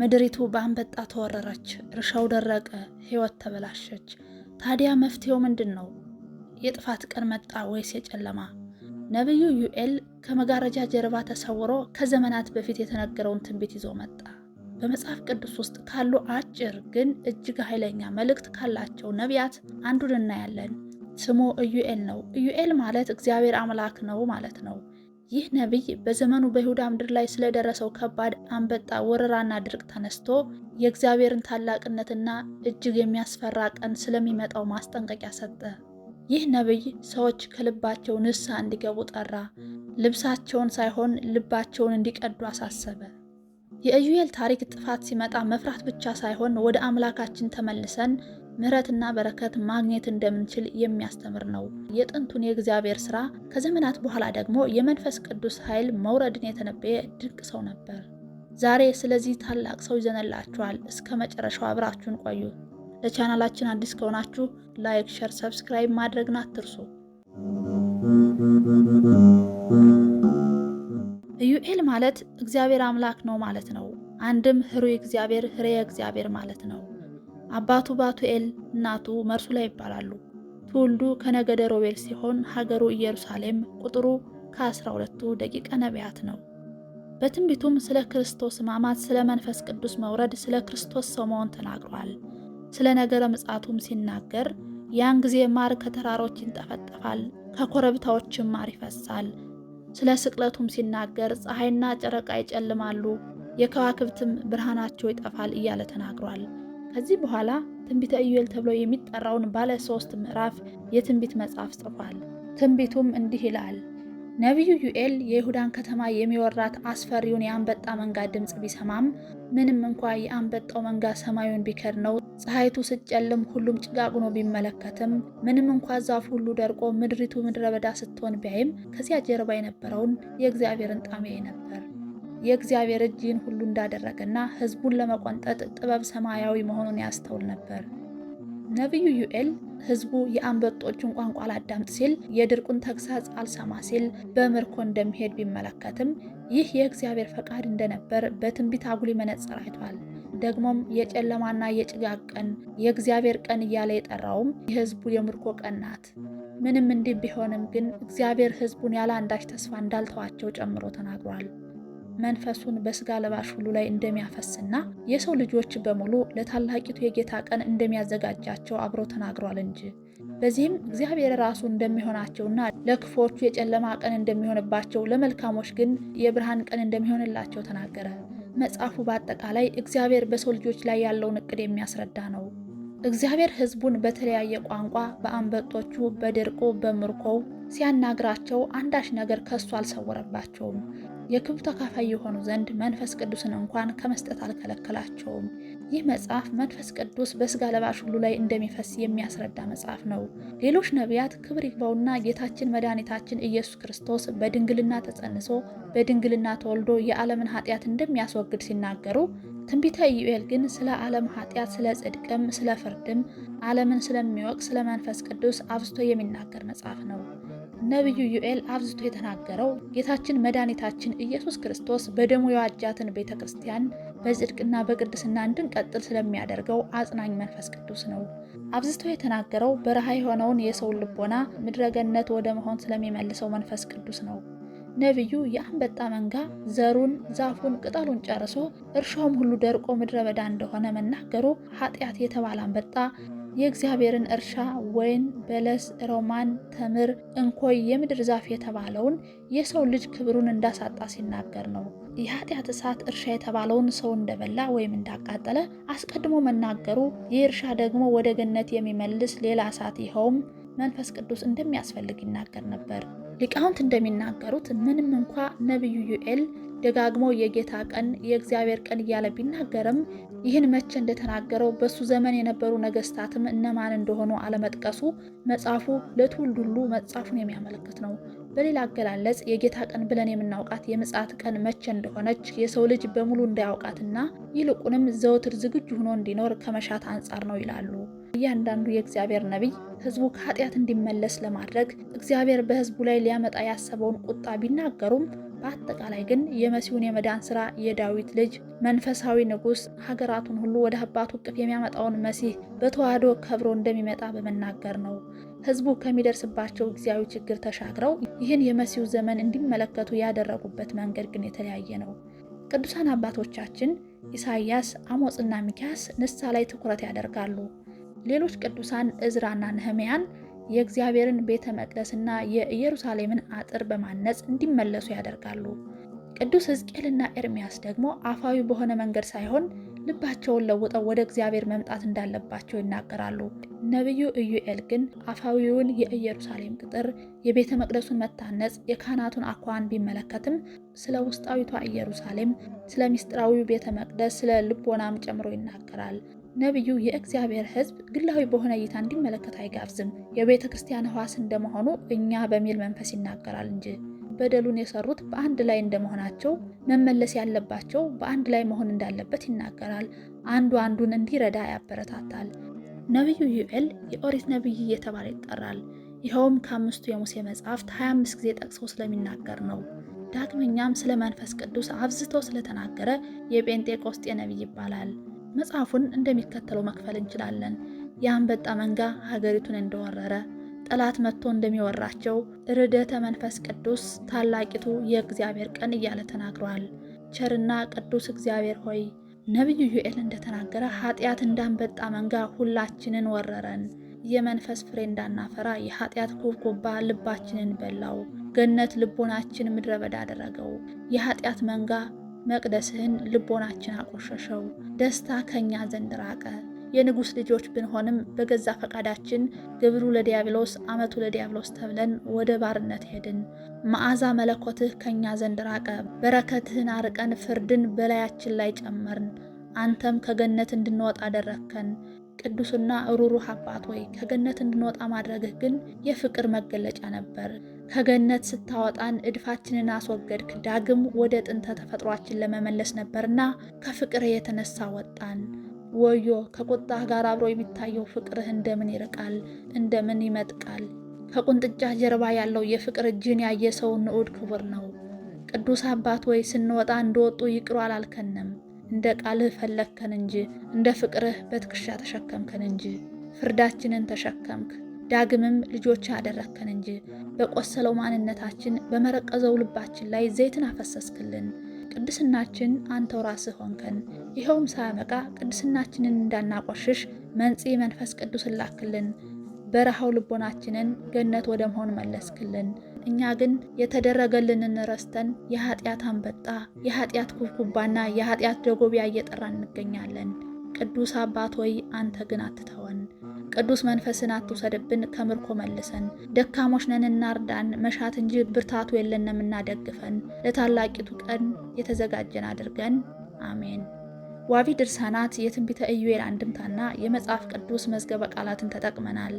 ምድሪቱ በአንበጣ ተወረረች፣ እርሻው ደረቀ፣ ሕይወት ተበላሸች። ታዲያ መፍትሄው ምንድን ነው? የጥፋት ቀን መጣ ወይስ የጨለማ? ነቢዩ ዩኤል ከመጋረጃ ጀርባ ተሰውሮ ከዘመናት በፊት የተነገረውን ትንቢት ይዞ መጣ። በመጽሐፍ ቅዱስ ውስጥ ካሉ አጭር ግን እጅግ ኃይለኛ መልእክት ካላቸው ነቢያት አንዱን እናያለን። ስሙ ኢዩኤል ነው። ኢዩኤል ማለት እግዚአብሔር አምላክ ነው ማለት ነው። ይህ ነቢይ በዘመኑ በይሁዳ ምድር ላይ ስለደረሰው ከባድ አንበጣ ወረራና ድርቅ ተነስቶ የእግዚአብሔርን ታላቅነትና እጅግ የሚያስፈራ ቀን ስለሚመጣው ማስጠንቀቂያ ሰጠ። ይህ ነቢይ ሰዎች ከልባቸው ንስሐ እንዲገቡ ጠራ። ልብሳቸውን ሳይሆን ልባቸውን እንዲቀዱ አሳሰበ። የኢዩኤል ታሪክ ጥፋት ሲመጣ መፍራት ብቻ ሳይሆን ወደ አምላካችን ተመልሰን ምሕረትና በረከት ማግኘት እንደምንችል የሚያስተምር ነው። የጥንቱን የእግዚአብሔር ስራ ከዘመናት በኋላ ደግሞ የመንፈስ ቅዱስ ኃይል መውረድን የተነበየ ድንቅ ሰው ነበር። ዛሬ ስለዚህ ታላቅ ሰው ይዘነላችኋል። እስከ መጨረሻው አብራችሁን ቆዩ። ለቻናላችን አዲስ ከሆናችሁ ላይክ፣ ሸር፣ ሰብስክራይብ ማድረግን አትርሱ። ኢዩኤል ማለት እግዚአብሔር አምላክ ነው ማለት ነው። አንድም ህሩ እግዚአብሔር ህሬ እግዚአብሔር ማለት ነው። አባቱ ባቱኤል፣ እናቱ መርሱላ ይባላሉ። ትውልዱ ከነገደ ሮቤል ሲሆን ሀገሩ ኢየሩሳሌም፣ ቁጥሩ ከአስራ ሁለቱ ደቂቀ ነቢያት ነው። በትንቢቱም ስለ ክርስቶስ ሕማማት፣ ስለ መንፈስ ቅዱስ መውረድ፣ ስለ ክርስቶስ ሰው መሆን ተናግሯል። ስለ ነገረ ምጻቱም ሲናገር ያን ጊዜ ማር ከተራሮች ይንጠፈጠፋል፣ ከኮረብታዎችም ማር ይፈሳል። ስለ ስቅለቱም ሲናገር ፀሐይና ጨረቃ ይጨልማሉ፣ የከዋክብትም ብርሃናቸው ይጠፋል እያለ ተናግሯል። ከዚህ በኋላ ትንቢተ ኢዩኤል ተብሎ የሚጠራውን ባለ ሶስት ምዕራፍ የትንቢት መጽሐፍ ጽፏል። ትንቢቱም እንዲህ ይላል። ነቢዩ ዩኤል የይሁዳን ከተማ የሚወራት አስፈሪውን የአንበጣ መንጋ ድምፅ ቢሰማም ምንም እንኳ የአንበጣው መንጋ ሰማዩን ቢከድ ነው ፀሐይቱ ስትጨልም ሁሉም ጭጋግኖ ቢመለከትም፣ ምንም እንኳ ዛፍ ሁሉ ደርቆ ምድሪቱ ምድረ በዳ ስትሆን ቢያይም ከዚያ ጀርባ የነበረውን የእግዚአብሔርን ጣዕም ያይ ነበር። የእግዚአብሔር እጅ ይህን ሁሉ እንዳደረገና ሕዝቡን ለመቆንጠጥ ጥበብ ሰማያዊ መሆኑን ያስተውል ነበር። ነቢዩ ዩኤል ሕዝቡ የአንበጦቹን ቋንቋ አላዳምጥ ሲል፣ የድርቁን ተግሳጽ አልሰማ ሲል በምርኮ እንደሚሄድ ቢመለከትም ይህ የእግዚአብሔር ፈቃድ እንደነበር በትንቢት አጉሊ መነጽር አይቷል። ደግሞም የጨለማና የጭጋግ ቀን የእግዚአብሔር ቀን እያለ የጠራውም የሕዝቡ የምርኮ ቀን ናት። ምንም እንዲህ ቢሆንም ግን እግዚአብሔር ሕዝቡን ያለ አንዳች ተስፋ እንዳልተዋቸው ጨምሮ ተናግሯል። መንፈሱን በስጋ ለባሽ ሁሉ ላይ እንደሚያፈስና የሰው ልጆች በሙሉ ለታላቂቱ የጌታ ቀን እንደሚያዘጋጃቸው አብሮ ተናግሯል እንጂ በዚህም እግዚአብሔር ራሱ እንደሚሆናቸውና ለክፎቹ የጨለማ ቀን እንደሚሆንባቸው ለመልካሞች ግን የብርሃን ቀን እንደሚሆንላቸው ተናገረ። መጽሐፉ በአጠቃላይ እግዚአብሔር በሰው ልጆች ላይ ያለውን እቅድ የሚያስረዳ ነው። እግዚአብሔር ሕዝቡን በተለያየ ቋንቋ በአንበጦቹ፣ በድርቁ፣ በምርኮው ሲያናግራቸው አንዳች ነገር ከሱ አልሰወረባቸውም። የክብሩ ተካፋይ የሆኑ ዘንድ መንፈስ ቅዱስን እንኳን ከመስጠት አልከለከላቸውም። ይህ መጽሐፍ መንፈስ ቅዱስ በስጋ ለባሽ ሁሉ ላይ እንደሚፈስ የሚያስረዳ መጽሐፍ ነው። ሌሎች ነቢያት ክብር ይግባውና ጌታችን መድኃኒታችን ኢየሱስ ክርስቶስ በድንግልና ተጸንሶ በድንግልና ተወልዶ የዓለምን ኃጢአት እንደሚያስወግድ ሲናገሩ ትንቢተ ኢዩኤል ግን ስለ ዓለም ኃጢአት፣ ስለ ጽድቅም፣ ስለ ፍርድም ዓለምን ስለሚወቅ ስለ መንፈስ ቅዱስ አብዝቶ የሚናገር መጽሐፍ ነው። ነቢዩ ዩኤል አብዝቶ የተናገረው ጌታችን መድኃኒታችን ኢየሱስ ክርስቶስ በደሙ የዋጃትን ቤተ ክርስቲያን በጽድቅና በቅድስና እንድንቀጥል ስለሚያደርገው አጽናኝ መንፈስ ቅዱስ ነው። አብዝቶ የተናገረው በረሃ የሆነውን የሰው ልቦና ምድረገነት ወደ መሆን ስለሚመልሰው መንፈስ ቅዱስ ነው። ነቢዩ የአንበጣ መንጋ ዘሩን፣ ዛፉን፣ ቅጠሉን ጨርሶ እርሻውም ሁሉ ደርቆ ምድረ በዳ እንደሆነ መናገሩ ኃጢአት የተባለ አንበጣ የእግዚአብሔርን እርሻ ወይን፣ በለስ፣ ሮማን፣ ተምር፣ እንኮይ የምድር ዛፍ የተባለውን የሰው ልጅ ክብሩን እንዳሳጣ ሲናገር ነው። የኃጢአት እሳት እርሻ የተባለውን ሰው እንደበላ ወይም እንዳቃጠለ አስቀድሞ መናገሩ፣ ይህ እርሻ ደግሞ ወደ ገነት የሚመልስ ሌላ እሳት ይኸውም መንፈስ ቅዱስ እንደሚያስፈልግ ይናገር ነበር። ሊቃውንት እንደሚናገሩት ምንም እንኳ ነቢዩ ዩኤል ደጋግሞ የጌታ ቀን የእግዚአብሔር ቀን እያለ ቢናገርም ይህን መቼ እንደተናገረው በሱ ዘመን የነበሩ ነገስታትም እነማን እንደሆኑ አለመጥቀሱ መጽሐፉ ለትውልድ ሁሉ መጽሐፉን የሚያመለክት ነው። በሌላ አገላለጽ የጌታ ቀን ብለን የምናውቃት የምጽአት ቀን መቼ እንደሆነች የሰው ልጅ በሙሉ እንዳያውቃትና ይልቁንም ዘወትር ዝግጁ ሆኖ እንዲኖር ከመሻት አንጻር ነው ይላሉ። እያንዳንዱ የእግዚአብሔር ነቢይ ህዝቡ ከኃጢአት እንዲመለስ ለማድረግ እግዚአብሔር በህዝቡ ላይ ሊያመጣ ያሰበውን ቁጣ ቢናገሩም በአጠቃላይ ግን የመሲሁን የመዳን ስራ የዳዊት ልጅ መንፈሳዊ ንጉሥ ሀገራቱን ሁሉ ወደ አባቱ እቅፍ የሚያመጣውን መሲህ በተዋህዶ ከብሮ እንደሚመጣ በመናገር ነው። ህዝቡ ከሚደርስባቸው ጊዜያዊ ችግር ተሻግረው ይህን የመሲሁ ዘመን እንዲመለከቱ ያደረጉበት መንገድ ግን የተለያየ ነው። ቅዱሳን አባቶቻችን ኢሳይያስ፣ አሞጽና ሚኪያስ ንስሐ ላይ ትኩረት ያደርጋሉ። ሌሎች ቅዱሳን እዝራና ነህምያን የእግዚአብሔርን ቤተ መቅደስና የኢየሩሳሌምን አጥር በማነጽ እንዲመለሱ ያደርጋሉ። ቅዱስ ሕዝቅኤልና ኤርሚያስ ደግሞ አፋዊ በሆነ መንገድ ሳይሆን ልባቸውን ለውጠው ወደ እግዚአብሔር መምጣት እንዳለባቸው ይናገራሉ። ነቢዩ ኢዩኤል ግን አፋዊውን የኢየሩሳሌም ቅጥር፣ የቤተ መቅደሱን መታነጽ፣ የካህናቱን አኳን ቢመለከትም ስለ ውስጣዊቷ ኢየሩሳሌም፣ ስለ ምስጢራዊው ቤተ መቅደስ፣ ስለ ልቦናም ጨምሮ ይናገራል። ነቢዩ የእግዚአብሔር ሕዝብ ግላዊ በሆነ እይታ እንዲመለከት አይጋብዝም። የቤተ ክርስቲያን ሕዋስ እንደመሆኑ እኛ በሚል መንፈስ ይናገራል እንጂ በደሉን የሰሩት በአንድ ላይ እንደመሆናቸው መመለስ ያለባቸው በአንድ ላይ መሆን እንዳለበት ይናገራል። አንዱ አንዱን እንዲረዳ ያበረታታል። ነቢዩ ዩኤል የኦሪት ነቢይ እየተባለ ይጠራል። ይኸውም ከአምስቱ የሙሴ መጽሐፍት 25 ጊዜ ጠቅሶ ስለሚናገር ነው። ዳግመኛም ስለ መንፈስ ቅዱስ አብዝቶ ስለተናገረ የጴንጤቆስጤ ነቢይ ይባላል። መጽሐፉን እንደሚከተለው መክፈል እንችላለን። የአንበጣ መንጋ ሀገሪቱን እንደወረረ ጠላት መጥቶ እንደሚወራቸው ርደተ መንፈስ ቅዱስ ታላቂቱ የእግዚአብሔር ቀን እያለ ተናግሯል። ቸርና ቅዱስ እግዚአብሔር ሆይ ነቢዩ ዩኤል እንደተናገረ ኃጢአት እንዳንበጣ መንጋ ሁላችንን ወረረን። የመንፈስ ፍሬ እንዳናፈራ የኃጢአት ኩብኩባ ልባችንን በላው። ገነት ልቦናችን ምድረ በዳ አደረገው። የኃጢአት መንጋ መቅደስህን ልቦናችን አቆሸሸው፣ ደስታ ከእኛ ዘንድ ራቀ። የንጉሥ ልጆች ብንሆንም በገዛ ፈቃዳችን ግብሩ ለዲያብሎስ ዓመቱ ለዲያብሎስ ተብለን ወደ ባርነት ሄድን። መዓዛ መለኮትህ ከእኛ ዘንድ ራቀ። በረከትህን አርቀን ፍርድን በላያችን ላይ ጨመርን። አንተም ከገነት እንድንወጣ አደረግከን። ቅዱስና ሩሩህ አባት ሆይ ከገነት እንድንወጣ ማድረግህ ግን የፍቅር መገለጫ ነበር። ከገነት ስታወጣን እድፋችንን አስወገድክ። ዳግም ወደ ጥንተ ተፈጥሯችን ለመመለስ ነበርና ከፍቅር የተነሳ ወጣን። ወዮ ከቁጣህ ጋር አብሮ የሚታየው ፍቅርህ እንደምን ይርቃል! እንደምን ይመጥቃል! ከቁንጥጫ ጀርባ ያለው የፍቅር እጅን ያየ ሰው ንዑድ ክቡር ነው። ቅዱስ አባት ወይ ስንወጣ እንደወጡ ይቅሩ አላልከንም። እንደ ቃልህ ፈለግከን እንጂ እንደ ፍቅርህ በትከሻ ተሸከምከን እንጂ ፍርዳችንን ተሸከምክ። ዳግምም ልጆች አደረግከን እንጂ በቆሰለው ማንነታችን በመረቀዘው ልባችን ላይ ዘይትን አፈሰስክልን። ቅድስናችን አንተው ራስህ ሆንከን። ይኸውም ሳያመቃ ቅድስናችንን እንዳናቆሽሽ መንጽ መንፈስ ቅዱስ ላክልን። በረሃው ልቦናችንን ገነት ወደ መሆን መለስክልን። እኛ ግን የተደረገልንን ረስተን የኃጢአት አንበጣ፣ የኃጢአት ኩብኩባና የኃጢአት ደጎቢያ እየጠራ እንገኛለን። ቅዱስ አባት ሆይ አንተ ግን አትተወን። ቅዱስ መንፈስን አትውሰድብን፣ ከምርኮ መልሰን። ደካሞች ነን እናርዳን፣ መሻት እንጂ ብርታቱ የለንም እናደግፈን። ለታላቂቱ ቀን የተዘጋጀን አድርገን አሜን። ዋቢ ድርሳናት የትንቢተ ኢዩኤል አንድምታና የመጽሐፍ ቅዱስ መዝገበ ቃላትን ተጠቅመናል።